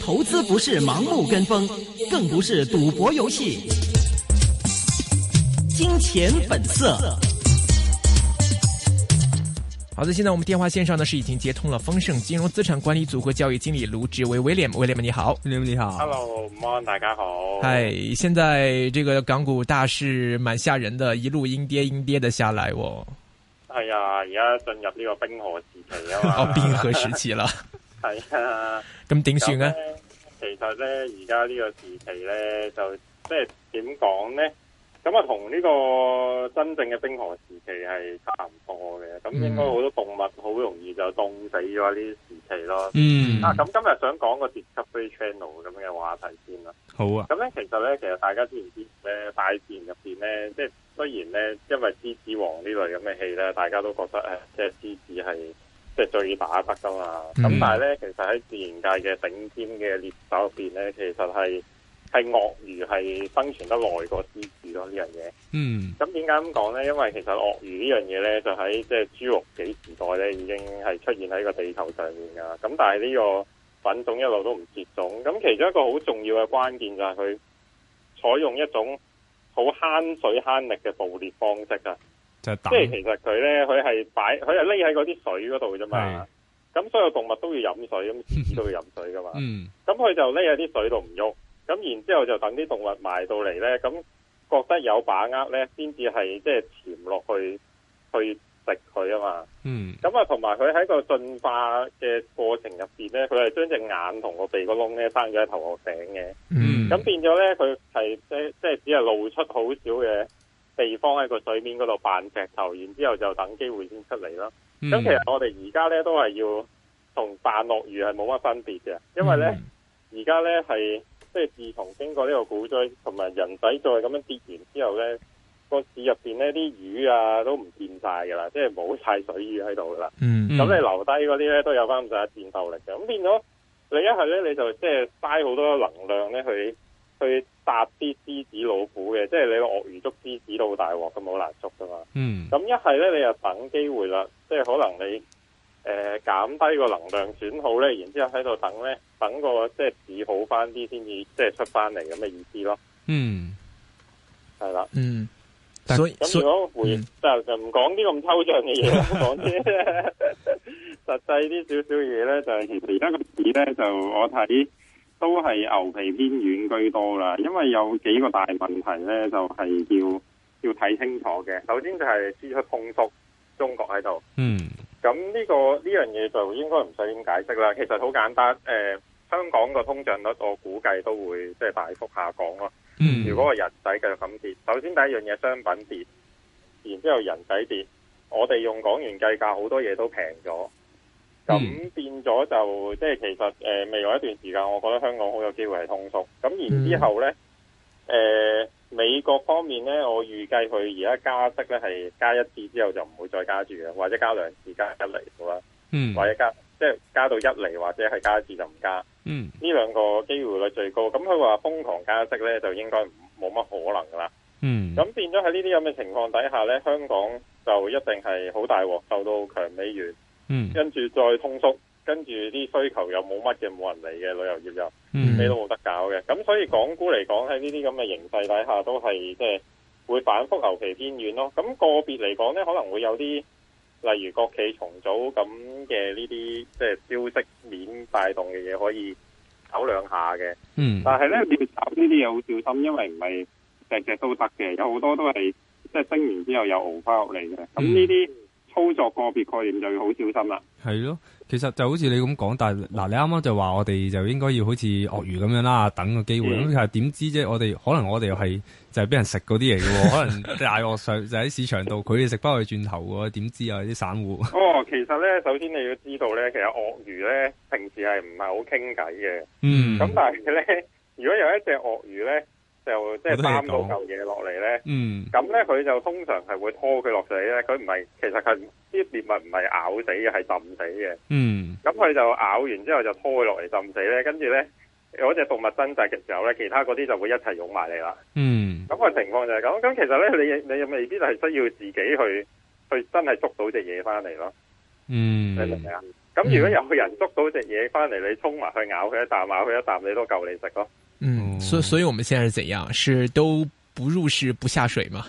投資不是盲目跟風，更不是賭博遊戲。金錢本色。好的，現在我們電話線上呢是已經接通了豐盛金融資產管理組合交易經理盧志威 William，William 你好你好。Hello，Mon，大家好。嗨，現在這個港股大市蠻嚇人的，一路陰跌陰跌的下來哦。係啊，而家進入呢個冰河時期啊 哦，冰河時期啦。係啊，咁點算咧？呢其實咧，而家呢個時期咧，就即係點講咧？咁啊，同呢個真正嘅冰河時期係差唔多嘅。咁、嗯、應該好多動物好容易就凍死咗呢啲時期咯。嗯。啊，咁今日想講個 Discovery Channel 咁嘅話題先啦。好啊。咁咧，其實咧，其實大家知唔知咧？大自然入邊咧，即係雖然咧，因為獅子王呢類咁嘅戲咧，大家都覺得誒，即係獅子係。C 即係最打得噶嘛，咁、嗯、但係咧，其實喺自然界嘅頂尖嘅獵手入邊咧，其實係係鱷魚係生存得耐過獅子咯呢樣嘢。這個、嗯，咁點解咁講咧？因為其實鱷魚呢樣嘢咧，就喺即係侏羅紀時代咧，已經係出現喺個地球上面噶啦。咁但係呢個品種一路都唔絕種。咁其中一個好重要嘅關鍵就係佢採用一種好慳水慳力嘅捕獵方式噶。即係其實佢咧，佢係擺，佢係匿喺嗰啲水嗰度啫嘛。咁是所有動物都要飲水，咁自己都要飲水噶嘛。咁佢、 嗯、就匿喺啲水度唔喐。咁然之後就等啲動物埋到嚟咧，咁覺得有把握咧，先至係即係潛落去去食佢啊嘛。咁啊，同埋佢喺個進化嘅過程入邊咧，佢係將隻眼同個鼻個窿咧生咗喺頭殼頂嘅。咁、 嗯、變咗咧，佢係即即係只係露出好少嘅。地方喺個水面嗰度扮石頭，然之後就等機會先出嚟咯。咁、嗯、其實我哋而家咧都係要同扮鱷魚係冇乜分別嘅，因為咧而家咧係即係自從經過呢個股災同埋人仔再咁樣跌完之後咧，個市入邊咧啲魚啊都唔見晒噶啦，即係冇晒水魚喺度噶啦。咁、嗯嗯、你留低嗰啲咧都有翻咁上下戰鬥力嘅，咁變咗你一係咧你就即係嘥好多能量咧去。去搭啲獅子老虎嘅，即係你鱷魚捉獅子到大鑊咁好難捉噶嘛。嗯，咁一係咧你就等機會啦，即係可能你誒減低個能量損耗咧，然之後喺度等咧，等個即係市好翻啲先至，即係出翻嚟，咁嘅意思咯。嗯，係啦了。嗯，咁如果回就就唔講啲咁抽象嘅嘢，講啲 實際啲少少嘢咧，就係其實而家個市咧就我睇，都係牛皮偏軟居多啦，因為有幾個大問題呢，就係、是、要要睇清楚嘅。嗯、首先就係輸出通縮，中國喺度。嗯、這個。咁、這、呢個呢樣嘢就應該唔使點解釋啦。其實好簡單，誒、呃，香港個通脹率我估計都會即係大幅下降咯。嗯。如果個人仔繼續咁跌，首先第一樣嘢商品跌，然之後人仔跌，我哋用港元計價，好多嘢都平咗。咁、嗯、變咗就即係其實誒、呃、未來一段時間，我覺得香港好有機會係通縮。咁然之後咧，誒、嗯呃、美國方面呢，我預計佢而家加息呢係加一次之後就唔會再加住嘅，或者加兩次加一厘好啦、嗯，或者加即係加到一厘或者係加一次就唔加。嗯，呢兩個機會率最高。咁佢話瘋狂加息呢就應該冇乜可能噶啦。嗯，咁變咗喺呢啲咁嘅情況底下呢，香港就一定係好大鑊，受到強美元。嗯，跟住再通縮，跟住啲需求又冇乜嘅，冇人嚟嘅旅遊業又，嗯、你都冇得搞嘅。咁所以港股嚟講喺呢啲咁嘅形勢底下都，都係即係會反覆牛皮偏軟咯。咁、那個別嚟講咧，可能會有啲例如國企重組咁嘅呢啲即係消息面帶動嘅嘢，可以搞兩下嘅。嗯，但係咧你要搞呢啲嘢好小心，因為唔係隻隻都得嘅，有好多都係即係升完之後又熬翻落嚟嘅。咁呢啲。操作個別概念就要好小心啦。係咯，其實就好似你咁講，但嗱，你啱啱就話我哋就應該要好似鱷魚咁樣啦，等個機會。咁其實點知啫？我哋可能我哋又係就係俾人食嗰啲嚟嘅， 可能大鱷上就喺市場度，佢哋食翻去轉頭喎。點知啊？啲散戶。哦，其實呢，首先你要知道呢，其實鱷魚呢，平時係唔係好傾偈嘅。嗯。咁但係呢，如果有一隻鱷魚呢。就即係三到嚿嘢落嚟咧，咁咧佢就通常係會拖佢落水咧。佢唔係，其實係啲獵物唔係咬死嘅，係浸死嘅。嗯，咁佢就咬完之後就拖佢落嚟浸死咧。跟住咧，有隻動物掙扎嘅時候咧，其他嗰啲就會一齊湧埋嚟啦。嗯，咁個情況就係咁。咁其實咧，你你又未必係需要自己去去真係捉到隻嘢翻嚟咯。嗯，明唔明啊？咁如果有個人捉到隻嘢翻嚟，你衝埋去咬佢一啖，咬佢一啖，你都夠你食咯。嗯，嗯，所以所以我們現在是怎樣？是都不入市不下水嗎？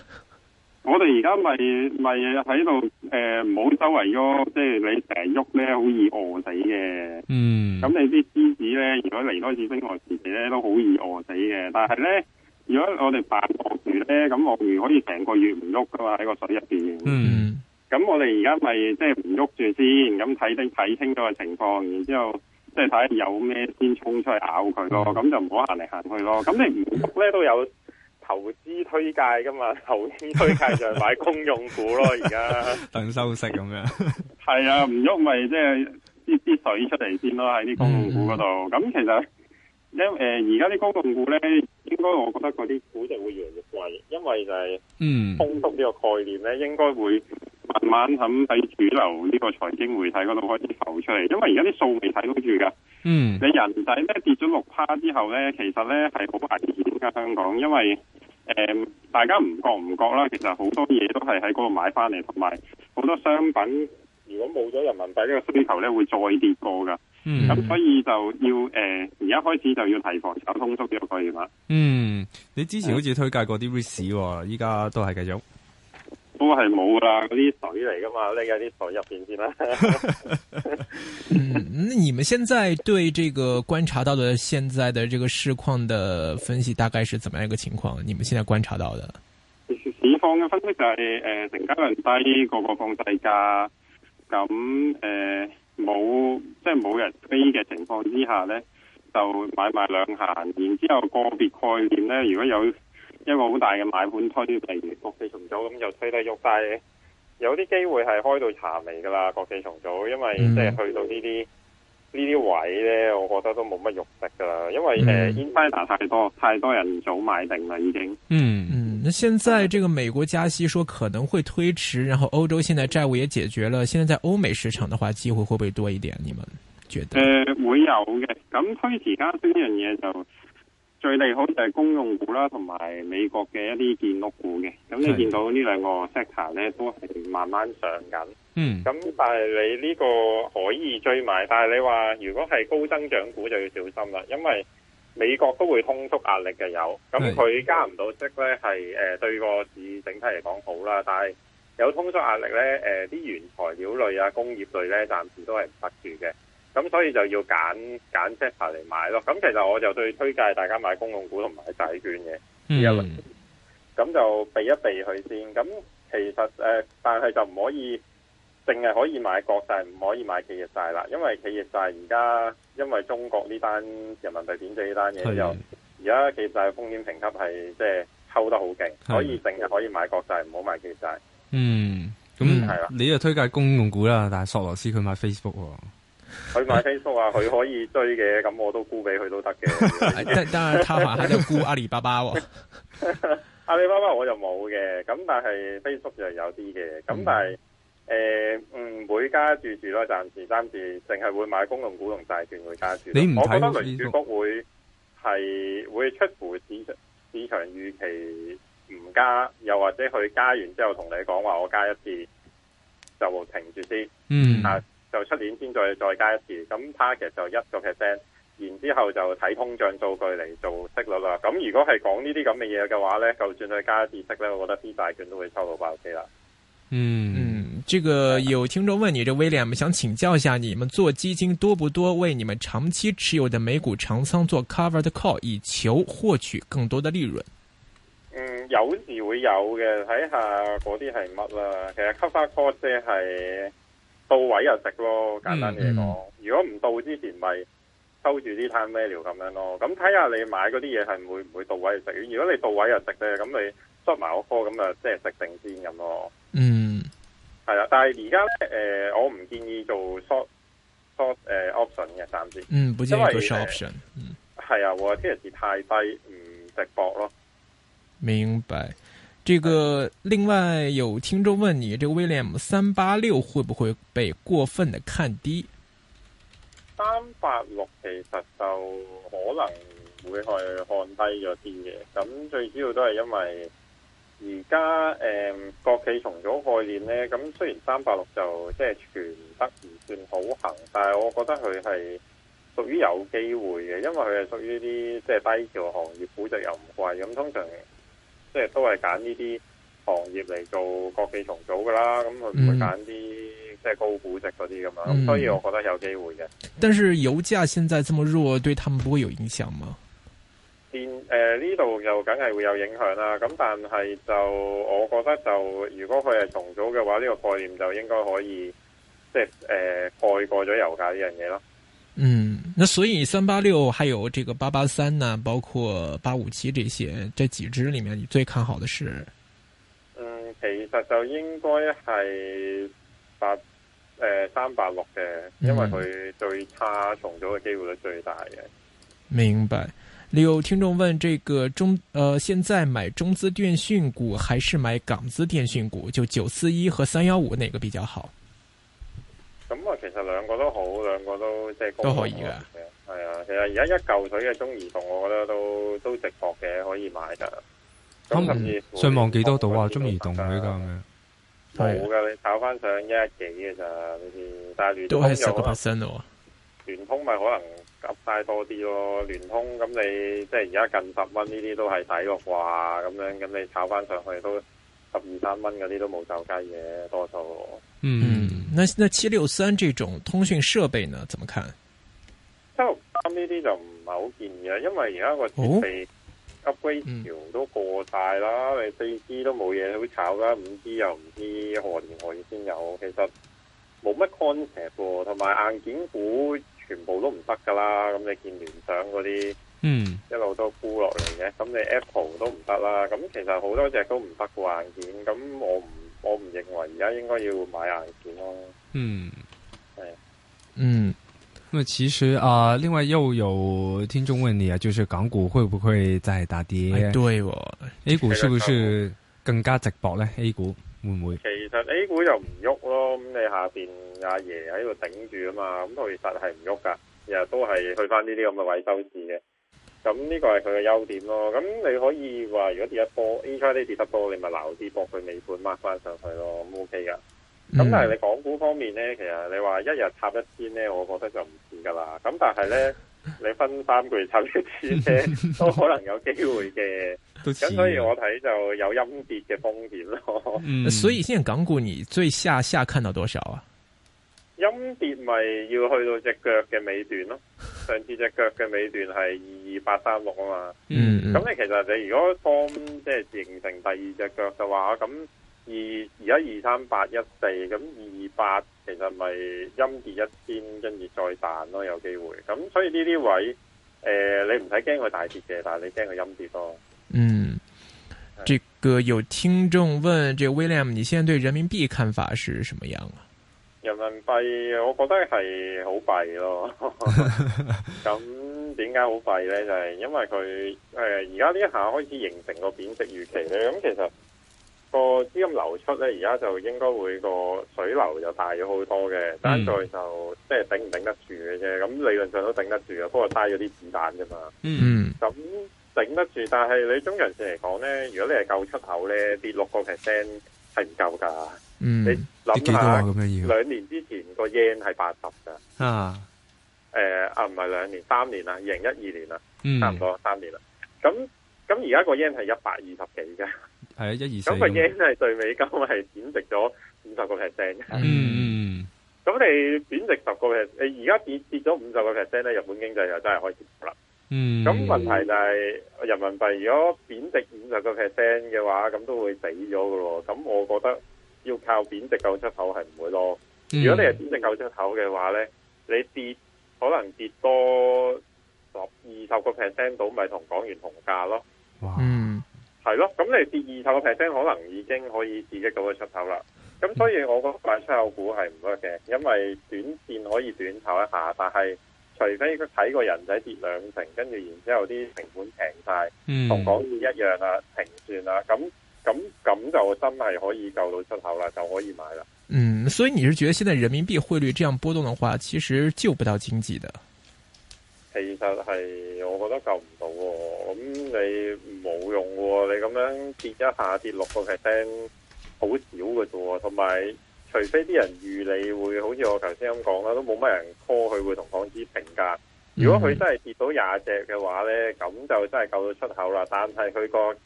我哋而家咪咪喺度誒，唔好周圍喐，即係你成日喐咧好易餓死嘅。嗯，咁你啲獅子咧，如果離開隻冰河時期咧，都好易餓死嘅。但係咧，如果我哋扮住咧，咁鱷魚可以成個月唔喐㗎嘛喺個水入邊。嗯，咁我哋而家咪即係唔喐住先，咁睇睇清楚個情況，然之後。即係睇有咩先沖出嚟咬佢咯，咁、oh. 就唔好行嚟行去咯。咁你唔喐咧都有投資推介噶嘛？投資推介就係買公用股咯，而家 等收息咁樣。係啊，唔喐咪即係啲啲水出嚟先咯，喺啲公用股嗰度。咁、mm. 嗯嗯、其實咧誒，而家啲公用股咧，應該我覺得嗰啲估值會越嚟越貴，因為就係嗯通縮呢個概念咧，應該會。慢慢咁喺主流呢個財經媒體嗰度開始浮出嚟，因為而家啲數未睇得住噶。嗯，你人仔咧跌咗六趴之後咧，其實咧係好危險噶香港，因為誒、呃、大家唔覺唔覺啦，其實好多嘢都係喺嗰度買翻嚟，同埋好多商品如果冇咗人民幣嘅需求咧，會再跌過噶。嗯，咁所以就要誒而家開始就要提防打通縮嘅概念啦。嗯，你之前好似推介過啲 risk，依家都係繼續。都係冇噶，嗰啲水嚟噶嘛，你喺啲水入邊先啦。 嗯，你們現在對這個觀察到的現在的這個市況的分析大概是怎麼樣一個情況？你們現在觀察到的？市況嘅分析就係、是、誒、呃，成交量低，個個放低價，咁誒冇即係冇人飛嘅情況之下呢，就買賣兩下，然之後個別概念呢，如果有。一個好大嘅買盤推嚟，國際重組咁就推得喐晒，有啲機會係開到茶味噶啦。國際重組，因為即係去到、嗯、位呢啲呢啲位咧，我覺得都冇乜肉食噶。因為誒 invader 太多，太多人早買定啦，已經、嗯。嗯嗯，現在這個美國加息說可能會推遲，然後歐洲現在債務也解決了，現在在歐美市場的話，機會會不會多一點？你們覺得？誒、呃，會有嘅，咁推遲加息呢樣嘢就。最利好就係公用股啦，同埋美國嘅一啲建築股嘅。咁的你見到呢兩個 sector 咧，都係慢慢上緊。嗯。咁但係你呢個可以追埋，但係你話如果係高增長股就要小心啦，因為美國都會通縮壓力嘅有。咁佢加唔到息咧，係誒、呃、對個市整體嚟講好啦。但係有通縮壓力咧，誒、呃、啲原材料類啊、工業類咧，暫時都係唔得住嘅。咁所以就要揀揀 sector 嚟買咯，咁其實我就對推介大家買公用股同埋債券嘅，嗯，咁就避一避佢先。咁其實誒、呃，但係就唔可以淨係可以買國債，唔可以買企業債啦，因為企業債而家因為中國呢單人民幣貶值呢單嘢又而家企業債風險評級係即係抽得好勁，所以淨係可以買國債，唔好買企業債。嗯，咁係啦，嗯、你又推介公用股啦，但係索羅斯佢買 Facebook。佢買 Facebook 啊，佢可以追嘅，咁我都沽俾佢都得嘅。 但當他話佢要沽阿里巴巴、哦、 阿里巴巴我就冇嘅，咁但係 Facebook 就有啲嘅。咁但係誒，嗯，每家住注咯，暫時暫時淨係會買公用股同債券會加注。你唔覺得雷指福會係會出乎市場市場預期唔加，又或者佢加完之後同你講話我加一次就停住先。嗯。就出年先再再加一次，咁 target 就一個 percent，然之後就睇通脹數據嚟做息率啦。咁如果係講呢啲咁嘅嘢嘅話咧，就算再加一次息咧，我覺得啲債券都會收到爆機啦、嗯。嗯，這個有聽眾問你，這威廉們想請教一下，你們做基金多不多？為你們長期持有的美股長倉做 covered call，以求獲取更多的利潤？嗯，有時會有嘅，睇下嗰啲係乜啦。其實 covered call 即係。到位就食咯，簡單嘢。嚟、嗯嗯、如果唔到之前，咪收住啲攤 time value 咁樣咯。咁睇下你買嗰啲嘢係會唔會到位就食。如果你到位就食咧，咁你 short 埋嗰科，咁啊即係食定先咁咯。Fall, 咯嗯，係啊。但係而家誒，我唔建議做 sh ort, short short、呃、誒 option 嘅暫時。嗯，唔建議做 short option，嗯，啊，我聽日市太低，唔值搏咯。明白。這個另外有聽眾問你，這個 William 三八六會不會被過分的看低？三八六其實就可能會去看低咗啲嘅，咁最主要都係因為而家誒國企重組概念咧，咁雖然三八六就即係全得唔算好行，但係我覺得佢係屬於有機會嘅，因為佢係屬於啲即係低調行業，估值又唔貴，咁通常。即係都係揀呢啲行業嚟做國企重組噶啦，咁佢唔會揀啲、嗯、即係高估值嗰啲咁樣，咁、嗯、所以我覺得有機會嘅。但是油價現在這麼弱，對他們不會有影響嗎？電誒呢度又梗係會有影響啦，咁但係就我覺得就如果佢係重組嘅話，呢、呢個概念就應該可以即係誒蓋過咗油價呢樣嘢咯。那所以三八六還有這個八八三呢，包括八五七這些這幾支裏面，你最看好的是？嗯，其實就應該係八誒三八六嘅，因為佢最差重組嘅機會率最大嘅。明白。你有聽眾問：這個中呃，現在買中資電訊股還是買港資電訊股？就九四一和三幺五哪個比較好？咁、嗯、啊，其實兩個都好，兩個都即係都可以嘅。係啊，其實而家一舊水嘅中移動，我覺得都都值博嘅，可以買噶。咁、啊、至上上望幾多度啊？中移動呢個係冇噶，你炒翻上一幾嘅咋？你帶住都有啊。都係十個 percent 咯。聯通咪可能急晒多啲咯。聯通，咁你即係而家近十蚊呢啲都係抵嘅啩，咁樣，咁你炒翻上去都十二三蚊嗰啲都冇走雞嘅多數。嗯，嗯，那七六三這種通訊設備呢？怎麼看？咁呢啲就唔係好建議啦，因為而家個設備 upgrade 潮、哦、都過晒啦，嗯、你四 G 都冇嘢好炒噶，五 G 又唔知何年何月先有，其實冇乜 concept 喎。同埋硬件股全部都唔得噶啦，咁你見聯想嗰啲，嗯、一路都沽落嚟嘅。咁你 Apple 都唔得啦。咁其實好多隻都唔得嘅硬件。咁我唔我唔認為而家應該要買硬件咯。嗯，係對，嗯。咁其實啊，另外又有聽眾問你啊，就是港股會唔會再打跌？對 a 股是不是更加值博咧？A 股會唔會？其實 A 股又唔喐咯，咁你下邊阿爺喺度頂住啊嘛，咁佢實係唔喐噶，日日都係去翻呢啲咁嘅尾收市嘅。咁呢個係佢嘅優點咯。咁你可以話，如果跌得多，A 叉啲跌得多，你咪留啲博佢尾盤抹翻上去咯，咁 OK 噶。咁、嗯、但係你港股方面咧，其實你話一日插一千咧，我覺得就唔似噶啦。咁但係咧，你分三個月插一千咧， 都可能有機會嘅。咁 了所以我睇就有陰跌嘅風險咯。嗯、 所以現在港股你最下下看到多少啊？陰跌咪要去到隻腳嘅尾段咯。上次隻腳嘅尾段係二二八三六啊嘛。嗯，嗯。咁你其實你如果當即係形成第二隻腳嘅話，咁。二而家二三八一四咁二八其實咪陰跌一千，跟住再彈咯，有機會咁，所以呢啲位誒、呃，你唔使驚佢大跌嘅，但係你驚佢陰跌咯。嗯，是這個有聽眾問，這個、William，你現在對人民幣看法是什麼樣啊？人民幣我覺得係好弊咯，咁點解好弊呢？就係、是、因為佢誒而家呢一下開始形成個貶值預期呢。咁、嗯、其實。而家就應該會個水流就大咗好多嘅，但再、嗯、就即係頂唔頂得住嘅啫。咁理論上都頂得住嘅，不過嘥咗啲子彈啫嘛。嗯，咁頂得住，但係你中人線嚟講咧，如果你係夠出口咧，跌六個 percent 係唔夠噶。夠，嗯，你諗下，兩年之前個 yen 係八十嘅。啊，誒啊，唔係兩年三年啦，二零一二年啦，嗯、差唔多三年啦。咁咁而家個 yen 係一百二十幾嘅。係一二四咁嘅嘢真係對美金係貶值咗五十個 percent。嗯，咁你貶值十個 percent，你而家跌跌咗五十個 percent 咧，日本經濟又真係開始冇啦。嗯，咁問題就係人民幣如果貶值五十個 percent 嘅話，咁都會死咗嘅咯。咁我覺得要靠貶值救出口係唔會咯。如果你係貶值救出口嘅話咧，你跌可能跌多十二十個 percent 到，咪同港元同價咯。哇！嗯係咯，咁你跌二十個 percent 可能已經可以刺激到個出口啦。咁所以我覺得買出口股係唔得嘅，因為短線可以短炒一下，但係除非佢睇個人仔跌兩成，嗯、跟住然之後啲成本平晒，同港股一樣啦，平算啦。咁咁咁就真係可以救到出口啦，就可以買啦。嗯，所以你是覺得現在人民幣匯率這樣波動的話，其實救不到經濟的？其實係，我覺得救唔到喎。咁你冇用喎，你咁樣跌一下跌六個 percent，好少㗎啫喎。同埋，除非啲人預你會好似我頭先咁講啦，都冇乜人 call 佢會同港紙平價。如果佢真係跌到廿隻嘅話呢，咁就真係救到出口啦。但係佢個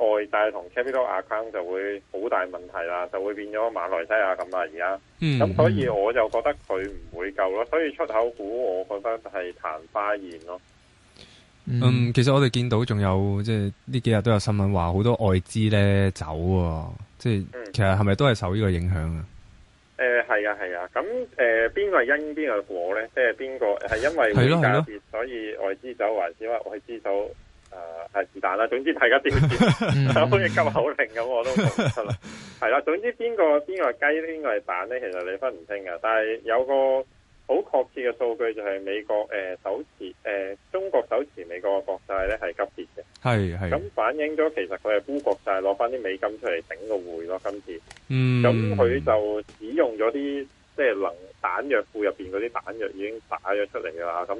外債同 capital account 就會好大問題啦，就會變咗馬來西亞咁啊！而家，咁、嗯、所以我就覺得佢唔會夠咯。所以出口股，我覺得係曇花一現咯。嗯，其實我哋見到仲有即係呢幾日都有新聞話好多外資咧走、啊，即係、嗯、其實係咪都係受呢個影響啊？誒係啊係啊，咁誒邊個因邊個果咧？即係邊個係因為匯價跌，所以外資走，還是因為外資走？誒，係、呃、是但啦。總之大家點叫， 好似急口令咁，我都係啦。係啦，總之邊個邊個係雞邊個係蛋咧，其實你分唔清噶。但係有個好確切嘅數據就係美國誒手、呃、持誒、呃、中國手持美國嘅國債咧係急跌嘅，係係是。咁、嗯、反映咗其實佢係沽國債，攞翻啲美金出嚟整個匯咯。今次，嗯，咁佢就只用咗啲即係彈藥庫入邊嗰啲彈藥已經打咗出嚟噶啦。咁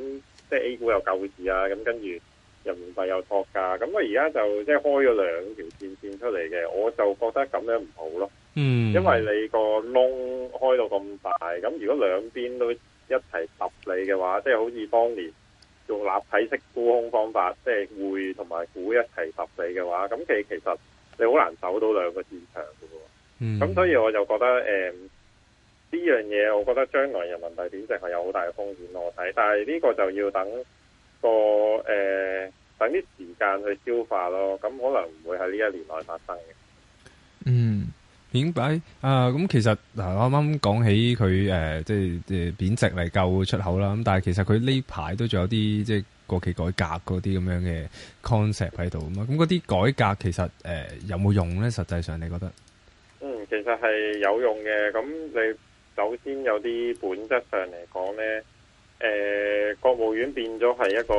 即係 A 股有救市啊，咁、啊、跟住。人民幣有托價，咁我而家就即係開咗兩條線線出嚟嘅，我就覺得咁樣唔好咯。嗯、mm，hmm. 因為你個窿開到咁大，咁如果兩邊都一齊揼你嘅話，即、就、係、是、好似當年用立體式沽空方法，即係匯同埋股一齊揼你嘅話，咁其其實你好難走到兩個市場嘅。嗯、mm，咁、hmm. 所以我就覺得誒呢、呃、樣嘢，我覺得將來人民幣貶值係有好大風險我睇，但係呢個就要等。個誒、呃，等啲時間去消化咯，咁可能唔會喺呢一年內發生嘅、嗯啊。嗯，明白？啊，咁其實嗱，啱啱講起佢誒，即係誒貶值嚟救出口啦。咁但係其實佢呢排都仲有啲即係國企改革嗰啲咁樣嘅 concept 喺度啊。咁嗰啲改革其實誒有冇用咧？實際上你覺得？嗯，其實係有用嘅。咁、嗯、你首先有啲本質上嚟講咧。誒、呃，國務院變咗係一個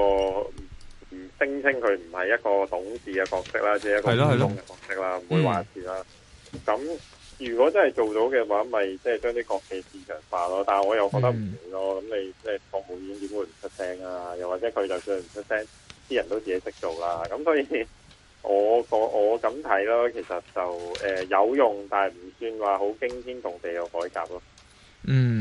唔聲稱佢唔係一個董事嘅角色啦，即係的一個用嘅角色啦，唔、嗯、會話事啦。咁如果真係做到嘅話，咪即係將啲國企市場化咯。但係我又覺得唔好咯。咁、嗯、你即係國務院點會唔出聲啊？又或者佢就算唔出聲，啲人都自己識做啦。咁所以我個我咁睇咯，其實就誒、呃、有用，但係唔算話好驚天動地嘅改革咯。嗯。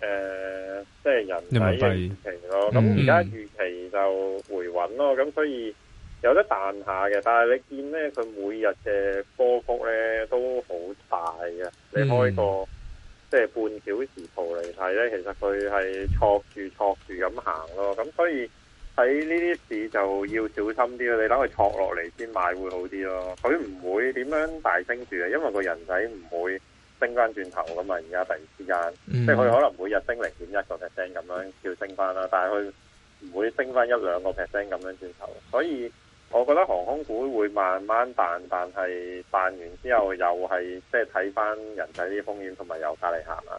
誒、呃，即係人仔預期咯，咁而家預期就回穩咯，咁、嗯、所以有得彈下嘅，但係你見呢，佢每日嘅波幅呢都好大嘅，你開個、嗯、即係半小時圖嚟睇呢，其實佢係挫住挫住咁行咯，咁所以喺呢啲市就要小心啲咯，你等佢挫落嚟先買會好啲咯，佢唔會點樣大升住啊，因為個人仔唔會。升翻轉頭咁嘛，而家突然之間，即係佢可能每日升零點一個 percent 咁樣，叫升翻啦。但係佢唔會升翻一兩個 percent 咁樣轉頭。所以我覺得航空股會慢慢彈，但係彈完之後又係即係睇翻人仔啲風險同埋油價嚟行啦。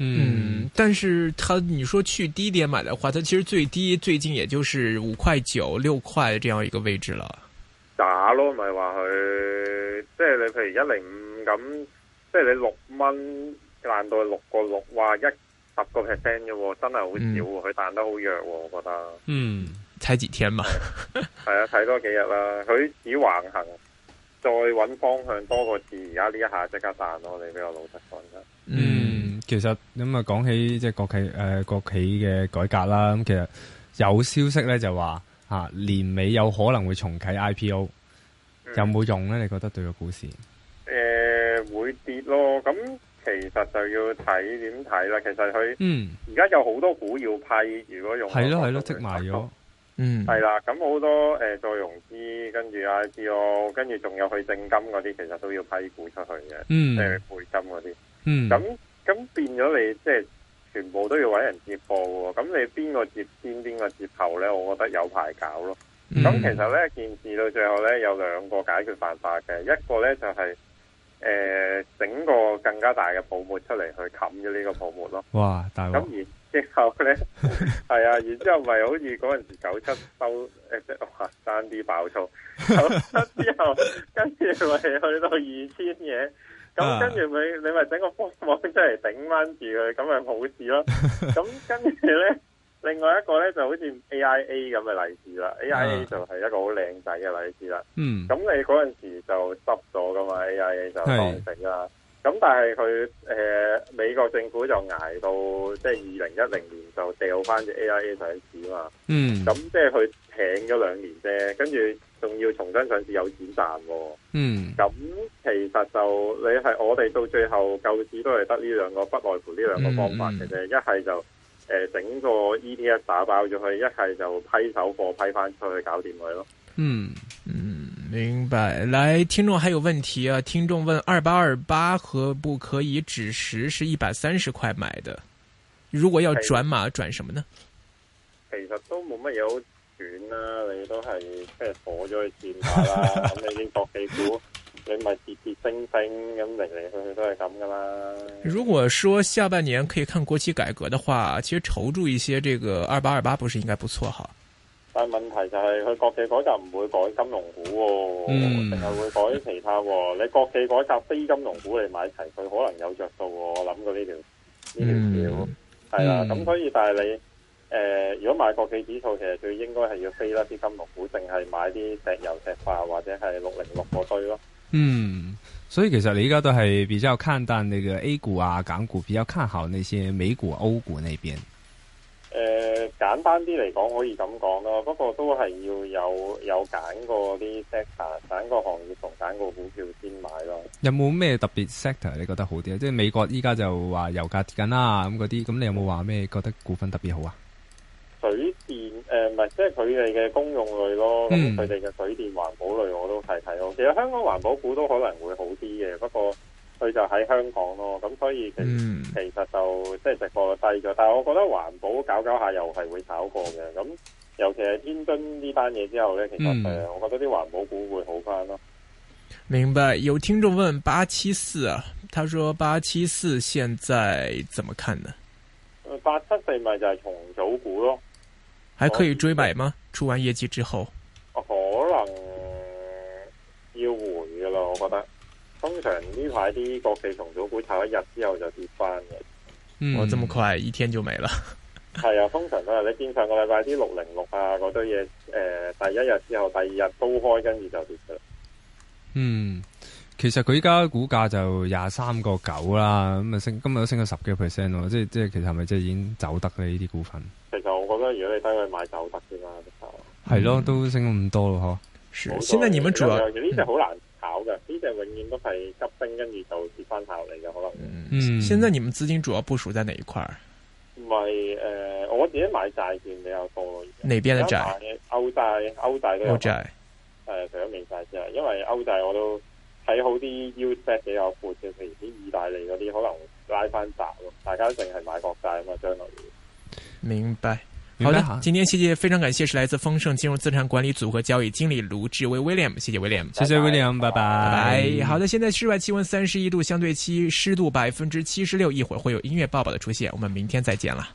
嗯，但是佢，你說去低點買的話，佢其實最低最近也就是五塊九、六塊這樣一個位置啦。打咯，咪話佢，即係你譬如一零五咁。即係你六蚊彈到六個六，話一十個 percent 嘅，真係好少，佢彈、嗯、得好弱，我覺得。嗯，睇天 幾天嘛。係啊，睇多幾日啦。佢只橫行，再揾方向多個字。而家呢一下即刻彈，我哋比較老實講、嗯。嗯，其實咁啊，講起即係國企誒、呃，國企嘅改革啦。咁其實有消息咧，就話吓年尾有可能會重啟 IPO，、嗯、有冇用咧？你覺得對個股市？跌咯，咁其實就要睇點睇啦。其實佢，嗯，而家有好多股要批，如果用係咯係咯，積埋咗，嗯，係啦。咁好多誒再融資，跟住 IPO，跟住仲有佢證金嗰啲，其實都要批股出去嘅，誒，配金嗰啲，嗯，咁咁、呃嗯、變咗你即係全部都要搵人接貨嘅，咁你邊個接先，邊個接後咧？我覺得有排搞咯。咁、嗯、其實咧件事到最後咧有兩個解決辦法嘅，一個咧就係、是。誒，整、呃、個更加大嘅泡沫出嚟去冚咗呢個泡沫咯。哇，大，咁然之後咧，係 啊，然之後咪好似嗰陣時九七收誒，即、呃、哇，爭啲爆粗。 九七之後，跟住咪去到二千嘢，咁跟、就是啊、住咪你咪整個波網出嚟頂翻住佢，咁咪冇事咯。咁跟住咧。 另外一個咧就好似 AIA 咁嘅例子啦、啊、，AIA 就係一個好靚仔嘅例子啦。嗯，咁你嗰陣時就執咗噶嘛，AIA 就當成啦。咁是但係佢誒美國政府就捱到即係二零一零年就掉翻隻 AIA 上市嘛。嗯，咁即係佢請咗兩年啫，跟住仲要重新上市有錢賺。嗯，咁其實就你係我哋到最後救市都係得呢兩個，不外乎呢兩個方法嘅啫。一係就。嗯嗯誒，整個 ETF 打包咗去，一係就批手貨批翻出去搞掂佢咯。嗯嗯，明白。來，聽眾還有問題啊？聽眾問：二八二八可不可以止蝕？是一百三十塊買的，如果要轉碼轉什麼呢？其實都冇乜嘢好轉啦，你都係即係火咗去轉咁，你已經搏起股。你咪跌跌升升，咁嚟嚟去去都係咁噶啦。如果說下半年可以看國企改革嘅話，其實籌住一些這個二八二八，不是應該不錯哈？但問題就係、是、佢國企嗰隻唔會改金融股、哦，嗯，淨係會改其他、哦。你國企嗰隻非金融股嚟買齊，佢可能有着數、哦。我諗過呢條呢條票係啦，咁所以但係你誒、呃，如果買國企指數，其實佢應該係要飛甩啲金融股，淨係買啲石油石化或者係六零六個堆咯。嗯，所以其實你依家都係比較看淡你嘅 A 股啊、港股，比較看好那些美股、歐股那邊。誒、呃，簡單啲嚟講可以咁講咯，不過都係要有有揀過啲 sector，揀個行業同揀個股票先買咯。有冇咩特別 sector 你覺得好啲、就是、啊？即係美國依家就話油價跌緊啦，咁嗰啲，咁你有冇話咩覺得股份特別好啊？水電誒，唔、呃、係即係佢哋嘅公用類咯，咁佢哋嘅水電環保類我都睇睇咯。其實香港環保股都可能會好啲嘅，不過佢就喺香港咯，咁所以其實、嗯、其實就即係值博率低咗。但係我覺得環保搞搞下又係會炒過嘅，咁尤其係天津呢單嘢之後咧，其實誒、嗯呃，我覺得啲環保股會好翻咯。明白，有聽眾問八七四，啊，他說八七四現在怎麼看呢？八七四咪就係重組股咯，咯。還可以追買嗎？出完業績之後，可能、嗯、要回噶啦。我覺得通常呢排啲國企重組股炒一日之後就跌翻嘅。嗯，我這麼快一天就沒了。係 啊，通常都係，你見上個禮拜啲六零六啊嗰堆嘢，誒、呃，第一日之後第二日都開，跟住就跌咗。嗯。其實佢依家股價就廿三個九啦，咁啊升，今日都升咗十幾個 percent 咯。即係即係，其實係咪即係已經走得嘅呢啲股份？其實我覺得如果你睇佢買走得嘅嘛，係咯、嗯，都升咁多咯嗬。現在你們主要呢隻好難炒嘅，呢隻、嗯、永遠都係急升，跟住就跌翻後嚟嘅可能。嗯，現在你們資金主要部署在哪一塊？唔係誒，我自己買債券比較多。呢邊嘅債？歐債，歐債嘅債。係除咗美債之外，因為歐債我都。睇好啲 U.S. 比較闊，譬如啲意大利嗰啲可能拉翻窄咯。大家淨係買國債啊嘛，將來。明白，好的， 今天謝謝，非常感謝，是來自豐盛金融資產管理組合交易經理盧，盧志威 William，謝謝 William，謝謝 William，拜拜。好的，現在室外氣溫三十一度，相對七濕度百分之七十六，一會會有音樂爆爆的出現，我們明天再見啦。